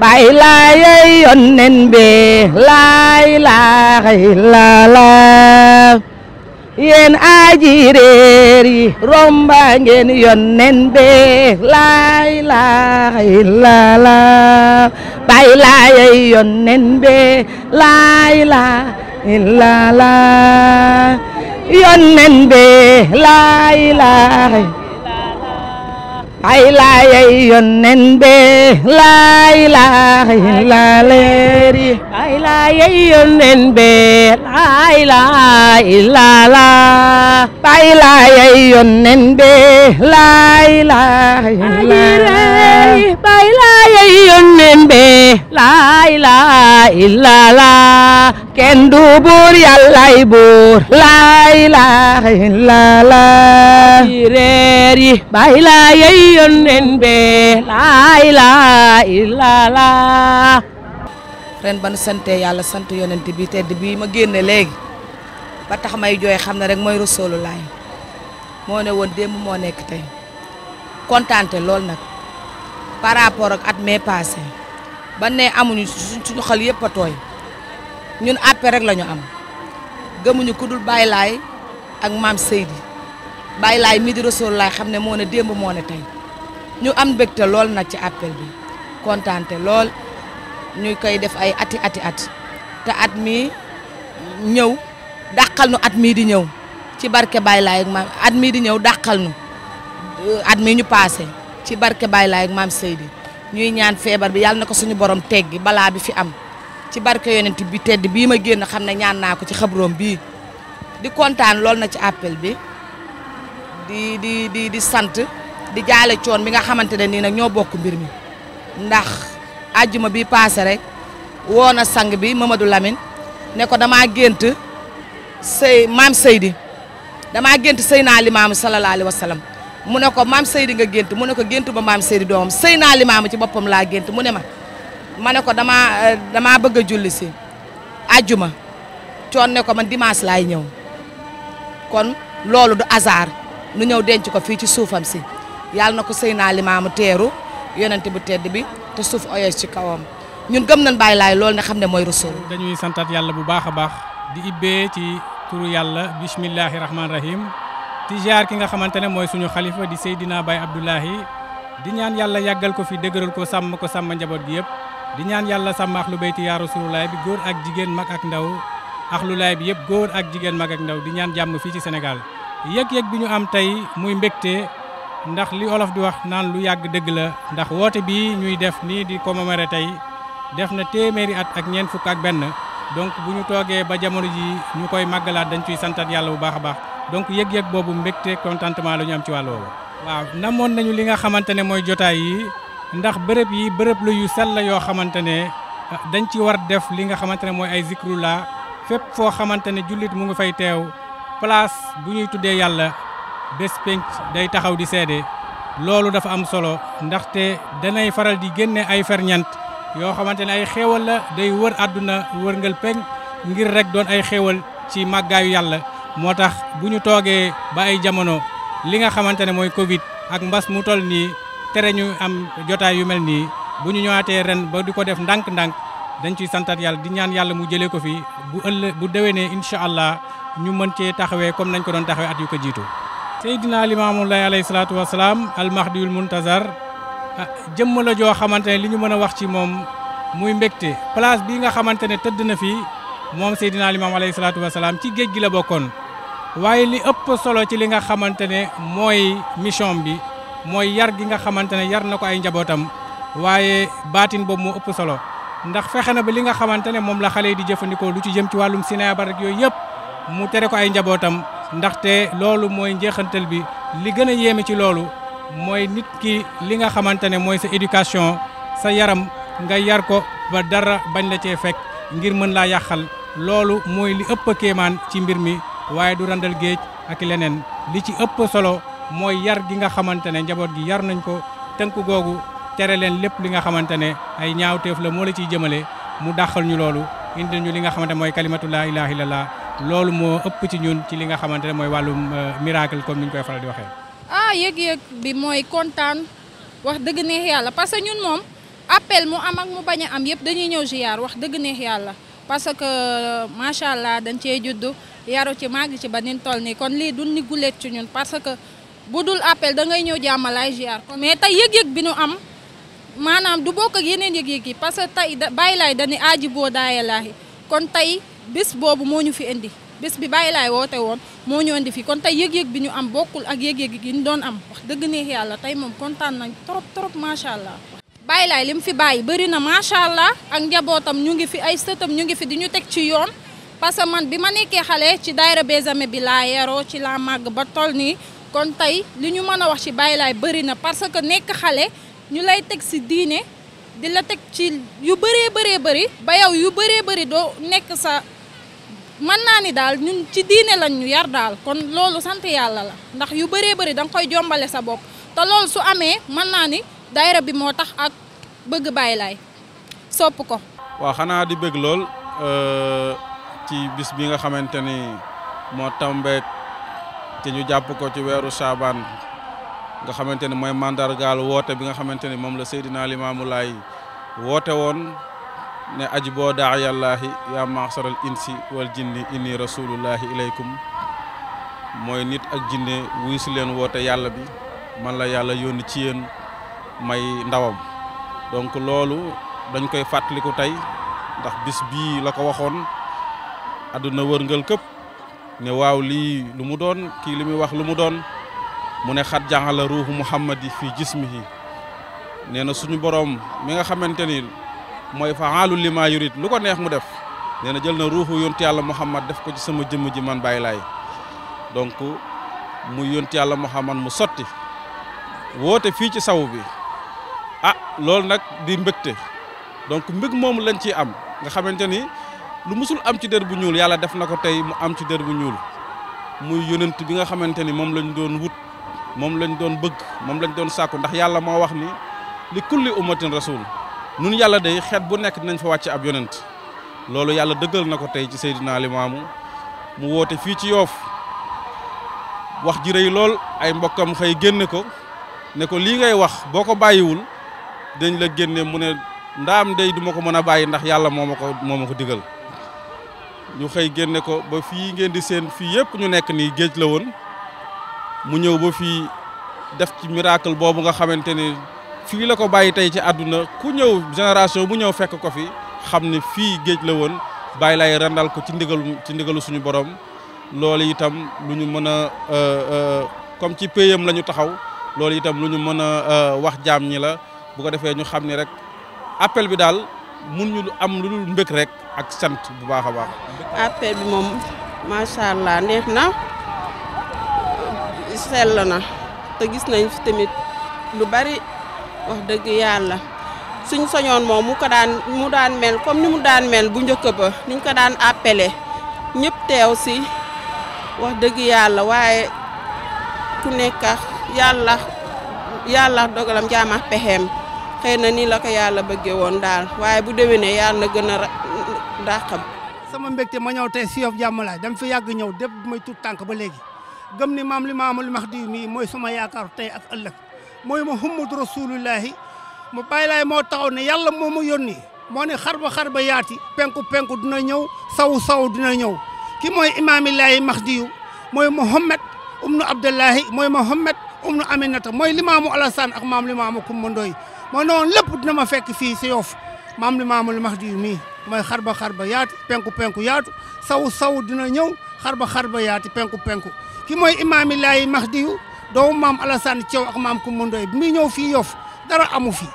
bay laayay yonen bi laa ilaaha illallaah yéen aji réer yi romba ngeen yonen bi laa ilaaha illallaah bay laayay yonen bi laa ilaaha illallaah yonen bi laa ilaaha ay laayay yonnen be laay laay laay laay laala ay laayay yonnen be laay laay laaleeri ay laayay yonnen be laay laay buur yàllaay laay laay laala yi bay laa yey yónneen be laa ilaaha illallaah ren ba nu sante yàlla sant yonent bi tedd bi ma génne léegi ba tax may jooy xam ne rek mooy Rasulullaah moo ne woon démb moo nekk tey kontaante lool nag par rapport ak at mee passé ba ne amuñu suñu xol yëpp a tooy ñun àppe rek la am gëmuñu ku dul Baay Laay ak maam Seydi bàyyi laay mi di rasool laay xam ne moo ne démb moo tey ñu am mbégte lool nag ci appel bi kontaante lool ñu koy def ay ati ati at te at mii ñëw dàqal nu at mii di ñëw ci barke Baye Laye ak at mii di ñëw dàqal nu at mii ñu paase ci barke Baye Laye ak maam Seydi ñuy ñaan feebar bi yàlla na ko suñu borom teggi balaa bi fi am ci barke yonent bi tedd bii ma génn xam ne ñaan naa ko ci xabroom bii di kontaan lool nag ci appel bi di di di sant di jaale coon bi nga xamante ne nii nag ñoo bokk mbir mi ndax àjjuma bi paase rek woo na sang bi Mamadou Lamine ne ko damaa gént sëy maam Seydi dama gént sëy naa limaamu sallallahu alayhi wa sallam mu ne ko maam Seydi nga gént mu ne ko géntu ba maam Seydi doom sëy naa limaamu ci boppam laa gént mu ne ma ma ne ko damaa damaa bëgg a julli si àjjuma coon ne ko man dimanche laay ñëw kon loolu du hasard nu ñëw denc ko fii ci suufam si yàlla na ko sëy naa limaamu teeru yonent bu tedd bi te suuf oyoos ci kawam ñun gëm nañ bàyyi laay loolu nga xam ne mooy rasul dañuy santaat yàlla bu baax a baax di ibbee ci turu yàlla bisimillahi rahmaani rahim di jaar ki nga xamante ne mooy suñu xalifa di Seydina Baye Abdoulahi di ñaan yàlla yàggal ko fi dëgëral ko sàmm ko sàmm njaboot bi yëpp di ñaan yàlla sàmm axlu bayti yaa rasulullaay bi góor ak jigéen mag ak ndaw axlu laay bi yëpp góor ak jigéen ma ndaw di ñaan jàmm fii ci Sénégal yëg-yëg bi ñu am tey muy mbégte ndax li olof di wax naan lu yàgg dëgg la ndax woote bii ñuy def nii di commémorer tey def na téeméeri at ak ñeent fukk ak benn donc bu ñu toogee ba jamono ji ñu koy màggalaat dañ ciy santat yàlla bu baax a baax donc yëg-yëg boobu mbégte contentement la ñu am ci wàll woowu waaw namoon nañu li nga xamante ne mooy jotaay yi ndax bërëb yi bërëb lu yu sell la yoo xamante ne dañ ci war def li nga xamante ne mooy ay zikrullaa fépp foo xamante ne jullit mu ngi fay teew place bu ñuy tuddee yàlla bés penc day taxaw di seede loolu dafa am solo ndaxte danay faral di génne ay ferñant yoo xamante ne ay xéewal la day wër àdduna wërngal peñ ngir rek doon ay xéewal ci màggaayu yàlla moo tax bu ñu toogee ba ay jamono li nga xamante ne mooy Covid ak mbas mu toll nii tere ñu am jotaay yu mel nii bu ñu ñëwaatee ren ba di ko def ndànk-ndànk dañ ciy santat yàlla di ñaan yàlla mu jëlee ko fi bu ëllëg bu déwénee incha allah. ñu mën cee taxawee comme nañ ko doon taxawee at yu ko jiitu Seydina Limaamu Laay alayhi salaatu wasalaam almahdiyul muntazar ah, jëmm la joo xamante ne li ñu mën a wax ci moom muy mbégte place bii nga xamante ne tëdd na fi moom Seydina Limaamu alayhi salaatu wasalaam ci géj gi la bokkoon waaye li ëpp solo ci li nga xamante ne mooy mission bi mooy yar gi nga xamante ne yar na ko ay njabootam waaye baatin boobu moo ëpp solo ndax fexe na ba li nga xamante ne moom la xale yi di jëfandikoo lu ci jëm ci wàllum cinéma rek yooyu yëpp mu tere ko ay njabootam ndaxte loolu mooy njeexantal bi li gën a yéeme ci loolu mooy nit ki li nga xamante ne mooy sa éducation sa yaram nga yar ko ba dara bañ la cee fekk ngir mën laa yàqal loolu mooy li ëpp kéemaan ci mbir mi waaye du randal géej ak leneen li ci ëpp solo mooy yar gi nga xamante ne njaboot gi yar nañ ko tënk googu tere leen lépp li nga xamante ne ay ñaawteef la moo la ciy jëmale mu dàqal ñu loolu indi ñu li nga xamante mooy kalimatu laa loolu moo ëpp ci ñun ci li nga xamante ne mooy wàllu euh, miracle comme ni ñu koy faral di waxee. ah yëg-yëg bi mooy kontaan wax dëgg neex yàlla parce que ñun moom appel mu am ak mu bañ a am yëpp dañuy ñëw ziar wax dëgg neex yàlla parce que euh, macha allah dañ cee judd yaru ci màgg ci ba ni toll nii kon lii du ni guleet ci ñun parce que bu dul appel da ngay ñëw jàmmalaay ziar mais tey yëg-yëg bi ñu am. maanaam du bokk ak yeneen yëg-yëg yi parce que tey da bàyyi laay dañuy aaji boo daaye laahi kon bés boobu moo ñu fi indi bés bi bàyyi laay woote woon moo ñu indi fi kon tey yëg-yëg bi ñu am bokkul ak yëg-yëg gi ñu doon am wax dëgg neex yàlla tey moom kontaan nañ trop trop macha allah. bàyyi laay li mu fi bàyyi bëri na macha allah ak njabootam ñu ngi fi ay sëtam ñu ngi fi di ñu teg ci yoon parce que man bi ma nekkee xale ci daayira Bézame bi laa yaroo ci laa màgg ba toll nii kon tey li ñu mën a wax ci bàyyi laay bëri na parce que nekk xale ñu lay teg si diine. di la teg ci yu bëree bëree bari ba yow yu bëree bari doo nekk sa mën naa ni daal ñun ci diine lañ ñu yar daal kon loolu sant yàlla la ndax yu bëree bari da koy jombale sa bopp te loolu su amee mën naa ni daayira bi moo tax ak bëgg bàyyi laay sopp ko. waa xanaa di bëgg lool euh, ci bis bi nga xamante ni moo tàmbeek ci ñu jàpp ko ci weeru saabaan nga xamante ne mooy mandargaal woote bi nga xamante ni moom la Seydina Limaamu Laay woote woon ne aji boo daa yàllaahi yaa maasaral insi wal jinni inni rasulullahi ilaykum mooy nit ak jinne wuy si leen woote yàlla bi man la yàlla yónni ci yéen may ndawam donc loolu dañ koy fàttaliku tey ndax bis bii la ko waxoon àdduna wërngal këpp ne waaw lii lu mu doon kii li muy wax lu mu doon mu ne xat jaxala ruuxu muhammadi fii jismihi nee na suñu boroom mi nga xamante ni mooy faalu lima yurit lu ko neex mu def nee na jël na ruuxu yonti yàlla muhammad def ko ci sama jëmm ji man bàyyi laay donc mu yonti yàlla muhammad mu sotti woote fii ci saw bi ah loolu nag di mbégte donc mbég moomu lañ ciy am nga xamante ni lu musul am ci dër bu ñuul yàlla def na ko tey mu am ci dër bu ñuul muy yonent bi nga xamante ni moom lañ doon wut moom lañ doon bëgg moom lañ doon sàkku ndax yàlla moo wax ni li kulli ummatin rasul nun yàlla day xeet bu nekk dinañ fa wàcc ab yonent loolu yàlla dëggal na ko tey ci Seydina Limaamu mu woote fii ci yoof wax ji lool ay mbokkam xëy génne ko ne ko lii ngay wax boo ko bàyyiwul dañ la génne mu ne ndaam day duma ko mën a bàyyi ndax yàlla moo ma ko moo ma ko digal ñu xëy génne ko ba fii ngeen di seen fii yëpp ñu nekk nii géej la woon mu ñëw ba fii def ci miracle boobu nga xamante ni fii la ko bàyyi tey ci àdduna ku ñëw génération bu ñëw fekk ko fi xam ni fii géej la woon bàyyi lay rendal ko ci ndigalu ci suñu borom loolu itam lu ñu mën a euh, euh, comme ci payam la ñu taxaw loolu itam lu ñu mën a euh, wax jaam ñi la bu ko defee ñu xam ni rek appel bi daal mun ñu am lu dul mbék rek ak sant bu baax a baax. appel bi moom macha neex na. sell na te gis nañ fi tamit lu bari wax dëgg yàlla suñ sañoon moom mu ko daan mu daan mel comme ni mu daan mel bu njëkk ba niñ ko daan appelé ñëpp teew si wax dëgg yàlla waaye ku nekk yàlla yàlla dogalam jaam ak pexeem xëy na nii la ko yàlla bëggee woon daal waaye bu déwénee yàlla na gën a dàqam sama mbégte ma ñëw tey si Yoff Diamalaye dama fi yàgg ñëw dépp may tut tànk ba léegi gëm ni maam max Mahdi mii mooy sama yaakaar tey ak ëllëg mooy Muhammadu Rasulullahi mu bàyyi laay moo taxaw ne yàlla moo mu yónni moo ne xar ba xar ba yaati penku penku dina ñëw saw saw dina ñëw ki mooy imaamillaahi Mahdiyu mooy Muhammad umnu Abdullahi mooy Muhammad umnu Aminata mooy Limaamu Alassane ak maam Limaamu Kumba Ndoy moo ne woon lépp dina ma fekk fii si Yoff maam max Mahdiyu mii mooy xar ba ba yaati penku penku yaatu saw saw dina ñëw xar ba xar penku penku ki mooy imaami laayi Mahdiyu doomu maam Alassane Thiaw ak maam Coumba Ndoye bi muy ñëw fii Yoff dara amu fi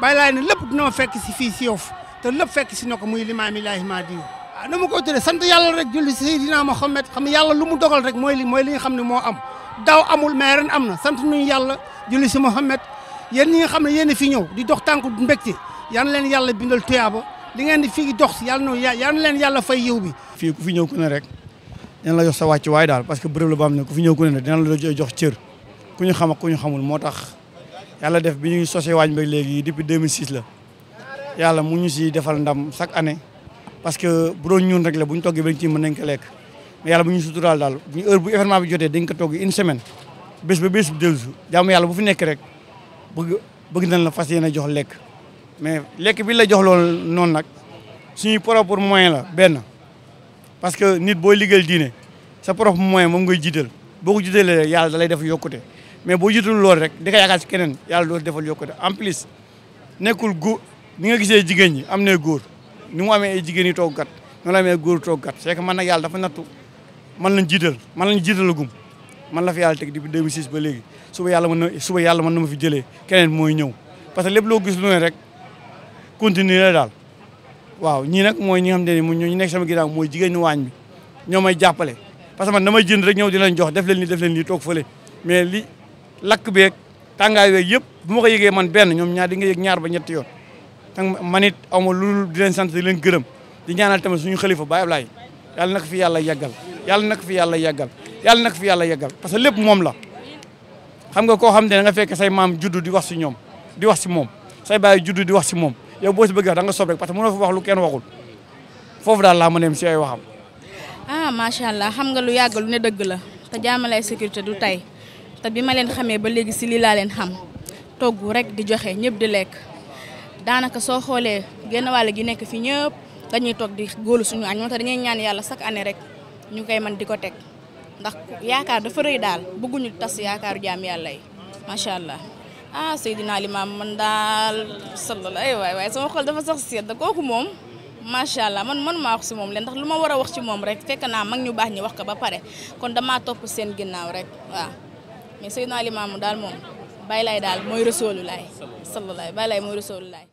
bàyyi laay ne lépp dina ma fekk si fii si Yoff te lépp fekk si na ko muy limaami laayi Mahdiyu ah na ma koy tuddee sant yàlla rek julli Seydina Mohamed xam ne yàlla lu mu dogal rek mooy li mooy li nga xam ne moo am daaw amul mais ren am na sant nuñu yàlla julli si Mohamed yéen ñi nga xam ne yéen fi ñëw di dox tànku mbégte yan leen yàlla bindal tuyaaba li ngeen di fii dox yàlla noonu yan leen yàlla fay yiw bi fii ku fi ñëw ku ne rek dina la jox sa wàcc waaye daal parce que bërëb la boo xam ne ku fi ñëw ku ne dina la jox cër ku ñu xam ak xamul moo tax yàlla def bi ñu sosee waañ ba léegi depuis 2006 la yàlla mu ñu si defal ndam chaque année parce que bu doon ñun rek le bu ñu toggee ba ñu ci mën nañ ko lekk mais yàlla bu ñu suturaal daal bu heure bu événement bi jotee dañ ko togg une semaine bés ba bés bu dellu jaamu yàlla bu fi nekk rek bëgg bëgg nañ la fas yéene jox lekk mais lekk bi la jox lool noonu nag suñuy propre moyen la benn parce que nit booy liggéeyal diine sa propre moyen moom ngay jiital boo ko jiitalee le yàlla dalay def yokkute mais boo jiitalul loolu rek di ko yaakaar ci keneen yàlla doo defal yokkute en plus nekkul góor ni nga gisee jigéen ñi am ne góor ni mu amee ay jigéen yi toog gat noonu la amee góor toog gat c'est que man nag yàlla dafa nattu man lañ jiital man lañ jiitalagum man la fi yàlla teg depuis 2006 ba léegi suba yàlla mën na suba yàlla mën na ma fi jëlee keneen mooy ñëw parce que lépp loo gis lu ne rek continuer daal waaw ñii nag mooy ñi nga xam ne ni mu ñu sama ginnaaw mooy jigéen waañ bi ñoo may jàppale parce que man damay jënd rek ñëw di leen jox def leen nii def leen nii toog fële mais li lakk beeg tàngaay yooyu yëpp bu ma ko yëgee man benn ñoom ñaar di nga yëg ñaar ba ñetti yoon tang man it aw lu di leen sant di leen gërëm di ñaanal tamit suñu xalifa Baye Ablaye yàlla nag fi yàlla yàggal yàlla nag fi yàlla yàggal yàlla nag fi yàlla yàggal parce que lépp moom la xam nga koo xam ne da nga fekk say maam juddu di wax si ñoom di wax si moom say baay juddu di wax si moom yow boo si bëgg da nga sob rek parce que mënoo fi wax lu kenn waxul foofu daal laa mëneem si ay waxam. ah macha allah xam nga lu yàgg lu ne dëgg la te jaamalay sécurité du tey te bi ma leen xamee ba léegi si lii laa leen xam togg rek di joxe ñëpp di lekk daanaka soo xoolee génn wàll gi nekk fii ñëpp dañuy toog di góolu suñu añ moo tax dañuy ñaan yàlla chaque année rek ñu koy mën di ko teg ndax yaakaar dafa rëy daal bëgguñu tas yaakaaru jaam yàlla yi macha ah Seydina Limaam man daal sallallahu ay waay waay sama xol dafa sax sedd kooku moom macha allah man man maa wax si moom leen ndax lu ma war a wax ci moom rek fekk naa mag ñu baax ñi wax ko ba pare kon damaa topp seen ginnaaw rek waaw mais Seydina Limaam daal moom bàyyi laay daal mooy rasoolu laay sallallahu bàyyi laay mooy rasoolu laay